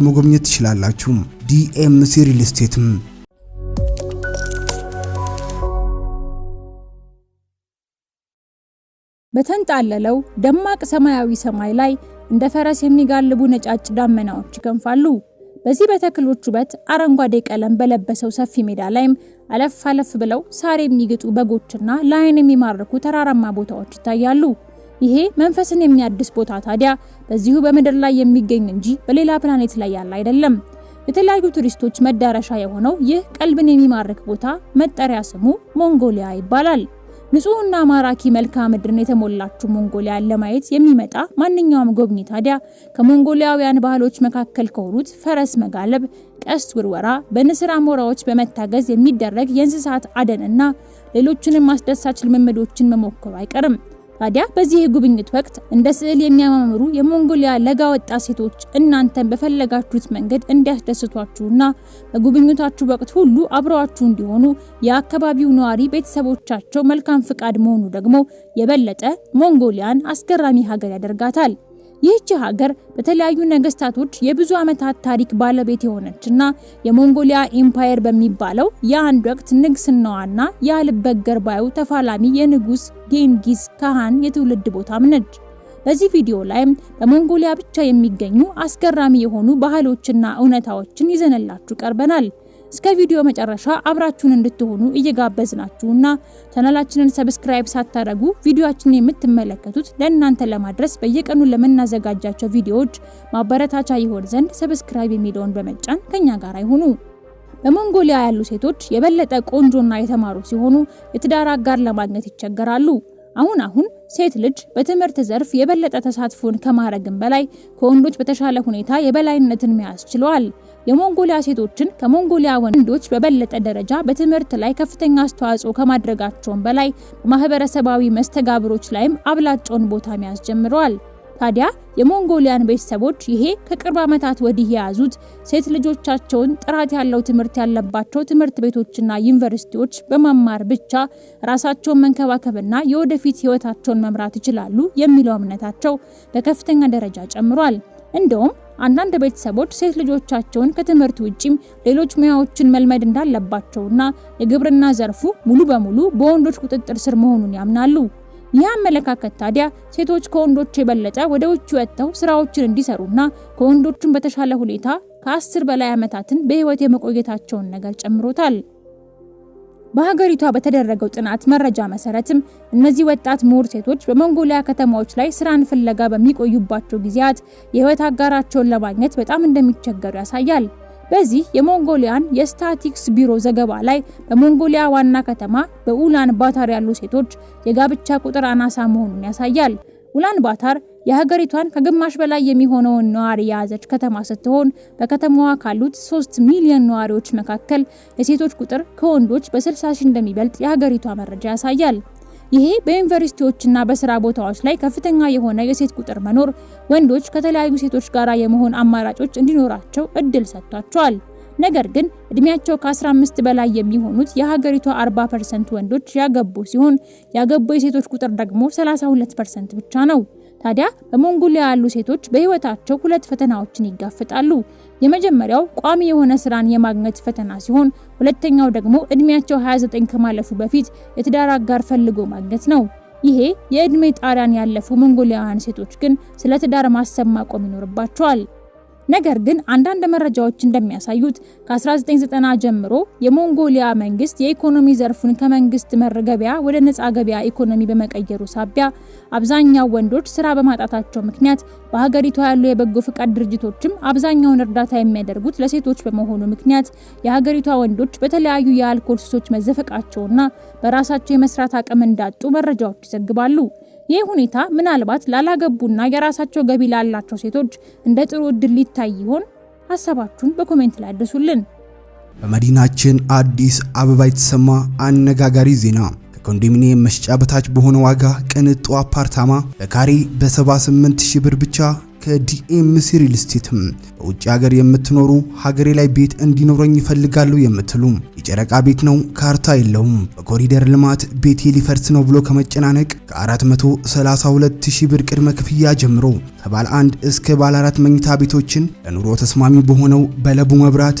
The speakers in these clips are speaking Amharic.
በቀላል መጎብኘት ትችላላችሁ። ዲኤምሲ ሪል ስቴትም በተንጣለለው ደማቅ ሰማያዊ ሰማይ ላይ እንደ ፈረስ የሚጋልቡ ነጫጭ ደመናዎች ይከንፋሉ። በዚህ በተክሎች ውበት አረንጓዴ ቀለም በለበሰው ሰፊ ሜዳ ላይም አለፍ አለፍ ብለው ሳር የሚግጡ በጎችና ለዓይን የሚማርኩ ተራራማ ቦታዎች ይታያሉ። ይሄ መንፈስን የሚያድስ ቦታ ታዲያ በዚሁ በምድር ላይ የሚገኝ እንጂ በሌላ ፕላኔት ላይ ያለ አይደለም። የተለያዩ ቱሪስቶች መዳረሻ የሆነው ይህ ቀልብን የሚማርክ ቦታ መጠሪያ ስሙ ሞንጎሊያ ይባላል። ንጹህና ማራኪ መልክዓ ምድርን የተሞላችው ሞንጎሊያን ለማየት የሚመጣ ማንኛውም ጎብኚ ታዲያ ከሞንጎሊያውያን ባህሎች መካከል ከሆኑት ፈረስ መጋለብ፣ ቀስት ውርወራ፣ በንስር አሞራዎች በመታገዝ የሚደረግ የእንስሳት አደንና ሌሎችንም አስደሳች ልምምዶችን መሞከሩ አይቀርም። ታዲያ በዚህ የጉብኝት ወቅት እንደ ስዕል የሚያማምሩ የሞንጎሊያ ለጋ ወጣት ሴቶች እናንተን በፈለጋችሁት መንገድ እንዲያስደስቷችሁና በጉብኝታችሁ ወቅት ሁሉ አብረዋችሁ እንዲሆኑ የአካባቢው ነዋሪ ቤተሰቦቻቸው መልካም ፍቃድ መሆኑ ደግሞ የበለጠ ሞንጎሊያን አስገራሚ ሀገር ያደርጋታል። ይህች ሀገር በተለያዩ ነገስታቶች የብዙ ዓመታት ታሪክ ባለቤት የሆነችና የሞንጎሊያ ኤምፓየር በሚባለው የአንድ ወቅት ንግስናዋና ያልበገር ባዩ ተፋላሚ የንጉስ ጌንጊስ ካሃን የትውልድ ቦታም ነች። በዚህ ቪዲዮ ላይም በሞንጎሊያ ብቻ የሚገኙ አስገራሚ የሆኑ ባህሎችና እውነታዎችን ይዘንላችሁ ቀርበናል። እስከ ቪዲዮ መጨረሻ አብራችሁን እንድትሆኑ እየጋበዝናችሁና ቻናላችንን ሰብስክራይብ ሳታደርጉ ቪዲዮአችንን የምትመለከቱት ለእናንተ ለማድረስ በየቀኑ ለምናዘጋጃቸው ቪዲዮዎች ማበረታቻ ይሆን ዘንድ ሰብስክራይብ የሚለውን በመጫን ከኛ ጋር ይሁኑ። በሞንጎሊያ ያሉ ሴቶች የበለጠ ቆንጆና የተማሩ ሲሆኑ የትዳር አጋር ለማግኘት ይቸገራሉ። አሁን አሁን ሴት ልጅ በትምህርት ዘርፍ የበለጠ ተሳትፎን ከማድረግም በላይ ከወንዶች በተሻለ ሁኔታ የበላይነትን መያዝ ችለዋል። የሞንጎሊያ ሴቶችን ከሞንጎሊያ ወንዶች በበለጠ ደረጃ በትምህርት ላይ ከፍተኛ አስተዋጽኦ ከማድረጋቸውም በላይ በማህበረሰባዊ መስተጋብሮች ላይም አብላጫውን ቦታ መያዝ ጀምረዋል። ታዲያ የሞንጎሊያን ቤተሰቦች ይሄ ከቅርብ ዓመታት ወዲህ የያዙት ሴት ልጆቻቸውን ጥራት ያለው ትምህርት ያለባቸው ትምህርት ቤቶችና ዩኒቨርሲቲዎች በመማር ብቻ ራሳቸውን መንከባከብና የወደፊት ህይወታቸውን መምራት ይችላሉ የሚለው እምነታቸው በከፍተኛ ደረጃ ጨምሯል። እንደውም አንዳንድ ቤተሰቦች ሴት ልጆቻቸውን ከትምህርት ውጪም ሌሎች ሙያዎችን መልመድ እንዳለባቸውና የግብርና ዘርፉ ሙሉ በሙሉ በወንዶች ቁጥጥር ስር መሆኑን ያምናሉ። ይህ አመለካከት ታዲያ ሴቶች ከወንዶች የበለጠ ወደ ውጭ ወጥተው ስራዎችን እንዲሰሩና ከወንዶችን በተሻለ ሁኔታ ከአስር በላይ ዓመታትን በህይወት የመቆየታቸውን ነገር ጨምሮታል። በሀገሪቷ በተደረገው ጥናት መረጃ መሰረትም እነዚህ ወጣት ምሁር ሴቶች በሞንጎሊያ ከተማዎች ላይ ስራን ፍለጋ በሚቆዩባቸው ጊዜያት የህይወት አጋራቸውን ለማግኘት በጣም እንደሚቸገሩ ያሳያል። በዚህ የሞንጎሊያን የስታቲክስ ቢሮ ዘገባ ላይ በሞንጎሊያ ዋና ከተማ በኡላን ባታር ያሉ ሴቶች የጋብቻ ቁጥር አናሳ መሆኑን ያሳያል። ኡላን ባታር የሀገሪቷን ከግማሽ በላይ የሚሆነውን ነዋሪ የያዘች ከተማ ስትሆን በከተማዋ ካሉት 3 ሚሊዮን ነዋሪዎች መካከል የሴቶች ቁጥር ከወንዶች በ60 ሺህ እንደሚበልጥ የሀገሪቷ መረጃ ያሳያል። ይሄ በዩኒቨርሲቲዎችና በስራ ቦታዎች ላይ ከፍተኛ የሆነ የሴት ቁጥር መኖር ወንዶች ከተለያዩ ሴቶች ጋር የመሆን አማራጮች እንዲኖራቸው እድል ሰጥቷቸዋል። ነገር ግን እድሜያቸው ከ15 በላይ የሚሆኑት የሀገሪቷ 40 ፐርሰንት ወንዶች ያገቡ ሲሆን ያገቡ የሴቶች ቁጥር ደግሞ 32 ፐርሰንት ብቻ ነው። ታዲያ በሞንጎሊያ ያሉ ሴቶች በህይወታቸው ሁለት ፈተናዎችን ይጋፈጣሉ። የመጀመሪያው ቋሚ የሆነ ስራን የማግኘት ፈተና ሲሆን፣ ሁለተኛው ደግሞ እድሜያቸው 29 ከማለፉ በፊት የትዳር አጋር ፈልጎ ማግኘት ነው። ይሄ የእድሜ ጣሪያን ያለፉ ሞንጎሊያውያን ሴቶች ግን ስለ ትዳር ማሰብ ማቆም ይኖርባቸዋል። ነገር ግን አንዳንድ መረጃዎች እንደሚያሳዩት ከ1990 ጀምሮ የሞንጎሊያ መንግስት የኢኮኖሚ ዘርፉን ከመንግስት መር ገበያ ወደ ነፃ ገበያ ኢኮኖሚ በመቀየሩ ሳቢያ አብዛኛው ወንዶች ስራ በማጣታቸው ምክንያት በሀገሪቷ ያሉ የበጎ ፍቃድ ድርጅቶችም አብዛኛውን እርዳታ የሚያደርጉት ለሴቶች በመሆኑ ምክንያት የሀገሪቷ ወንዶች በተለያዩ የአልኮል ሱሶች መዘፈቃቸውና በራሳቸው የመስራት አቅም እንዳጡ መረጃዎች ይዘግባሉ። ይህ ሁኔታ ምናልባት ላላገቡና የራሳቸው ገቢ ላላቸው ሴቶች እንደ ጥሩ እድል ይታይ ይሆን? ሀሳባችሁን በኮሜንት ላይ አድርሱልን። በመዲናችን አዲስ አበባ የተሰማ አነጋጋሪ ዜና ከኮንዶሚኒየም መሸጫ በታች በሆነ ዋጋ ቅንጡ አፓርታማ በካሬ በ78 ሺህ ብር ብቻ ከዲኤምሲ ሪል ስቴትም በውጭ ሀገር የምትኖሩ ሀገሬ ላይ ቤት እንዲኖረኝ ይፈልጋሉ የምትሉ የጨረቃ ቤት ነው፣ ካርታ የለውም፣ በኮሪደር ልማት ቤቴ ሊፈርስ ነው ብሎ ከመጨናነቅ ከ 432000 ብር ቅድመ ክፍያ ጀምሮ ከባለ አንድ እስከ ባለ አራት መኝታ ቤቶችን ለኑሮ ተስማሚ በሆነው በለቡ መብራት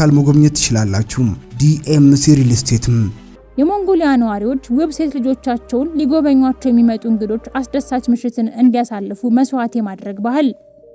በአካል መጎብኘት ትችላላችሁ። ዲኤምሲ ሪል ስቴትም የሞንጎሊያ ነዋሪዎች ውብ ሴት ልጆቻቸውን ሊጎበኟቸው የሚመጡ እንግዶች አስደሳች ምሽትን እንዲያሳልፉ መስዋዕት የማድረግ ባህል።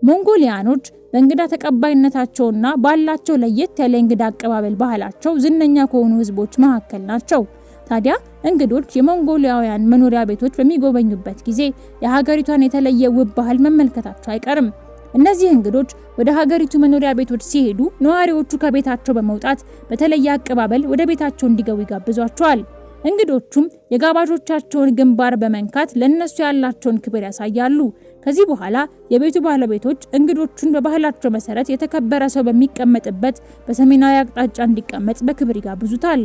ሞንጎሊያኖች በእንግዳ ተቀባይነታቸውና ባላቸው ለየት ያለ እንግዳ አቀባበል ባህላቸው ዝነኛ ከሆኑ ህዝቦች መካከል ናቸው። ታዲያ እንግዶች የሞንጎሊያውያን መኖሪያ ቤቶች በሚጎበኙበት ጊዜ የሀገሪቷን የተለየ ውብ ባህል መመልከታቸው አይቀርም። እነዚህ እንግዶች ወደ ሀገሪቱ መኖሪያ ቤቶች ሲሄዱ ነዋሪዎቹ ከቤታቸው በመውጣት በተለየ አቀባበል ወደ ቤታቸው እንዲገቡ ይጋብዟቸዋል። እንግዶቹም የጋባዦቻቸውን ግንባር በመንካት ለእነሱ ያላቸውን ክብር ያሳያሉ። ከዚህ በኋላ የቤቱ ባለቤቶች እንግዶቹን በባህላቸው መሰረት የተከበረ ሰው በሚቀመጥበት በሰሜናዊ አቅጣጫ እንዲቀመጥ በክብር ይጋብዙታል።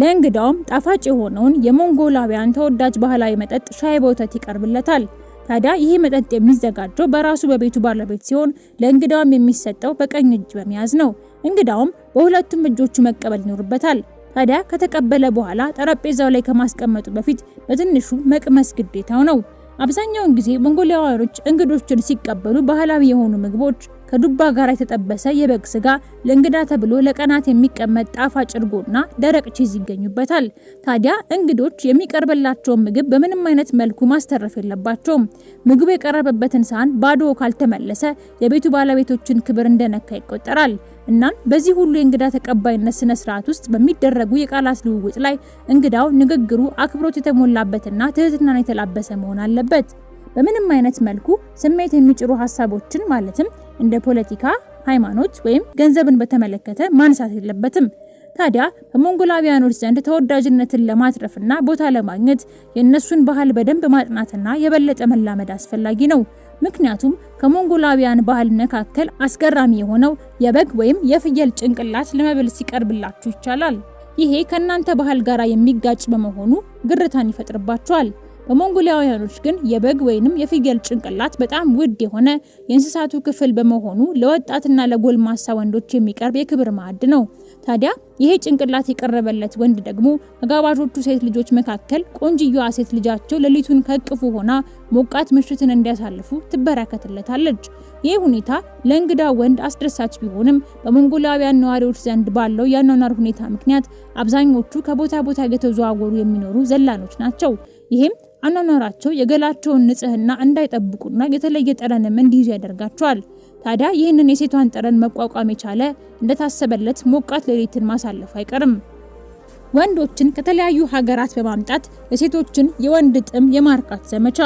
ለእንግዳውም ጣፋጭ የሆነውን የሞንጎላውያን ተወዳጅ ባህላዊ መጠጥ ሻይ በወተት ይቀርብለታል። ታዲያ ይህ መጠጥ የሚዘጋጀው በራሱ በቤቱ ባለቤት ሲሆን ለእንግዳውም የሚሰጠው በቀኝ እጅ በመያዝ ነው። እንግዳውም በሁለቱም እጆቹ መቀበል ይኖርበታል። ታዲያ ከተቀበለ በኋላ ጠረጴዛው ላይ ከማስቀመጡ በፊት በትንሹ መቅመስ ግዴታው ነው። አብዛኛውን ጊዜ ሞንጎሊያውያኖች እንግዶችን ሲቀበሉ ባህላዊ የሆኑ ምግቦች ከዱባ ጋር የተጠበሰ የበግ ስጋ፣ ለእንግዳ ተብሎ ለቀናት የሚቀመጥ ጣፋጭ እርጎና ደረቅ ቺዝ ይገኙበታል። ታዲያ እንግዶች የሚቀርብላቸውን ምግብ በምንም አይነት መልኩ ማስተረፍ የለባቸውም። ምግቡ የቀረበበትን ሳህን ባዶ ካልተመለሰ የቤቱ ባለቤቶችን ክብር እንደነካ ይቆጠራል። እናም በዚህ ሁሉ የእንግዳ ተቀባይነት ስነ ስርዓት ውስጥ በሚደረጉ የቃላት ልውውጥ ላይ እንግዳው ንግግሩ አክብሮት የተሞላበትና ትህትናን የተላበሰ መሆን አለበት። በምንም አይነት መልኩ ስሜት የሚጭሩ ሀሳቦችን ማለትም እንደ ፖለቲካ፣ ሃይማኖት ወይም ገንዘብን በተመለከተ ማንሳት የለበትም። ታዲያ በሞንጎላዊያኖች ዘንድ ተወዳጅነትን ለማትረፍና ቦታ ለማግኘት የእነሱን ባህል በደንብ ማጥናትና የበለጠ መላመድ አስፈላጊ ነው። ምክንያቱም ከሞንጎላውያን ባህል መካከል አስገራሚ የሆነው የበግ ወይም የፍየል ጭንቅላት ለመብል ሲቀርብላችሁ ይቻላል። ይሄ ከእናንተ ባህል ጋር የሚጋጭ በመሆኑ ግርታን ይፈጥርባችኋል። በሞንጎሊያውያኖች ግን የበግ ወይንም የፍየል ጭንቅላት በጣም ውድ የሆነ የእንስሳቱ ክፍል በመሆኑ ለወጣትና ለጎልማሳ ወንዶች የሚቀርብ የክብር ማዕድ ነው። ታዲያ ይሄ ጭንቅላት የቀረበለት ወንድ ደግሞ አጋባዦቹ ሴት ልጆች መካከል ቆንጅየዋ ሴት ልጃቸው ሌሊቱን ከቅፉ ሆና ሞቃት ምሽትን እንዲያሳልፉ ትበረከትለታለች። ይህ ሁኔታ ለእንግዳ ወንድ አስደሳች ቢሆንም በሞንጎላውያን ነዋሪዎች ዘንድ ባለው የአኗኗር ሁኔታ ምክንያት አብዛኞቹ ከቦታ ቦታ እየተዘዋወሩ የሚኖሩ ዘላኖች ናቸው። ይህም አኗኗራቸው የገላቸውን ንጽህና እንዳይጠብቁና የተለየ ጠረንም እንዲይዙ ያደርጋቸዋል። ታዲያ ይህንን የሴቷን ጠረን መቋቋም የቻለ እንደታሰበለት ሞቃት ሌሊትን ማሳለፉ አይቀርም። ወንዶችን ከተለያዩ ሀገራት በማምጣት የሴቶችን የወንድ ጥም የማርካት ዘመቻ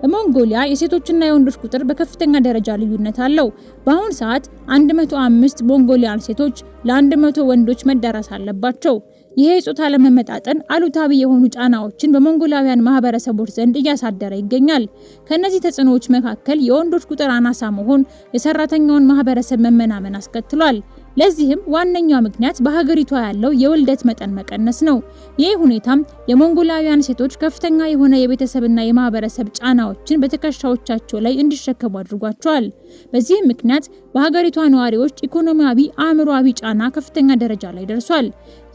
በሞንጎሊያ የሴቶችና የወንዶች ቁጥር በከፍተኛ ደረጃ ልዩነት አለው። በአሁኑ ሰዓት 105 ሞንጎሊያን ሴቶች ለ100 ወንዶች መዳረስ አለባቸው። ይሄ የጾታ ለመመጣጠን አሉታዊ የሆኑ ጫናዎችን በሞንጎላውያን ማህበረሰቦች ዘንድ እያሳደረ ይገኛል። ከእነዚህ ተጽዕኖዎች መካከል የወንዶች ቁጥር አናሳ መሆን የሰራተኛውን ማህበረሰብ መመናመን አስከትሏል። ለዚህም ዋነኛው ምክንያት በሀገሪቷ ያለው የውልደት መጠን መቀነስ ነው። ይህ ሁኔታም የሞንጎላውያን ሴቶች ከፍተኛ የሆነ የቤተሰብና የማህበረሰብ ጫናዎችን በትከሻዎቻቸው ላይ እንዲሸከሙ አድርጓቸዋል። በዚህም ምክንያት በሀገሪቷ ነዋሪዎች ኢኮኖሚያዊ፣ አእምሯዊ ጫና ከፍተኛ ደረጃ ላይ ደርሷል።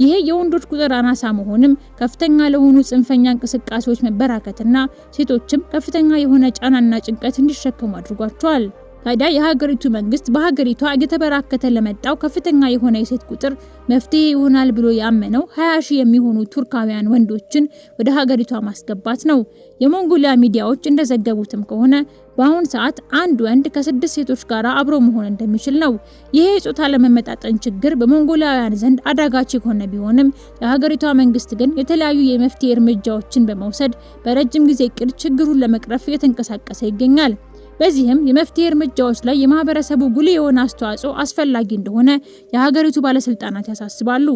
ይሄ የወንዶች ቁጥር አናሳ መሆንም ከፍተኛ ለሆኑ ጽንፈኛ እንቅስቃሴዎች መበራከትና ሴቶችም ከፍተኛ የሆነ ጫናና ጭንቀት እንዲሸከሙ አድርጓቸዋል። ታዲያ የሀገሪቱ መንግስት በሀገሪቷ እየተበራከተ ለመጣው ከፍተኛ የሆነ የሴት ቁጥር መፍትሄ ይሆናል ብሎ ያመነው 20 ሺህ የሚሆኑ ቱርካውያን ወንዶችን ወደ ሀገሪቷ ማስገባት ነው። የሞንጎሊያ ሚዲያዎች እንደዘገቡትም ከሆነ በአሁን ሰዓት አንድ ወንድ ከስድስት ሴቶች ጋር አብሮ መሆን እንደሚችል ነው። ይሄ የጾታ ለመመጣጠን ችግር በሞንጎሊያውያን ዘንድ አዳጋች የሆነ ቢሆንም የሀገሪቷ መንግስት ግን የተለያዩ የመፍትሄ እርምጃዎችን በመውሰድ በረጅም ጊዜ እቅድ ችግሩን ለመቅረፍ እየተንቀሳቀሰ ይገኛል። በዚህም የመፍትሄ እርምጃዎች ላይ የማህበረሰቡ ጉልህ የሆነ አስተዋጽኦ አስፈላጊ እንደሆነ የሀገሪቱ ባለስልጣናት ያሳስባሉ።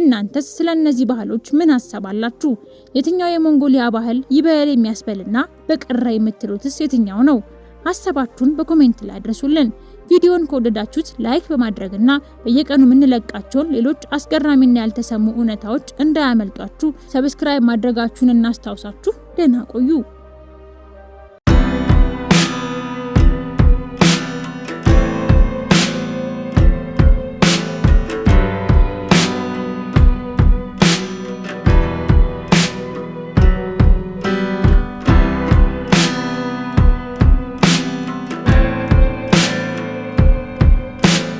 እናንተስ ስለ እነዚህ ባህሎች ምን ሀሳብ አላችሁ? የትኛው የሞንጎሊያ ባህል ይበል የሚያስበልና በቅራ የምትሉትስ የትኛው ነው? ሀሳባችሁን በኮሜንት ላይ አድርሱልን። ቪዲዮን ከወደዳችሁት ላይክ በማድረግና በየቀኑ የምንለቃቸውን ሌሎች አስገራሚና ያልተሰሙ እውነታዎች እንዳያመልጧችሁ ሰብስክራይብ ማድረጋችሁን እናስታውሳችሁ። ደህና ቆዩ።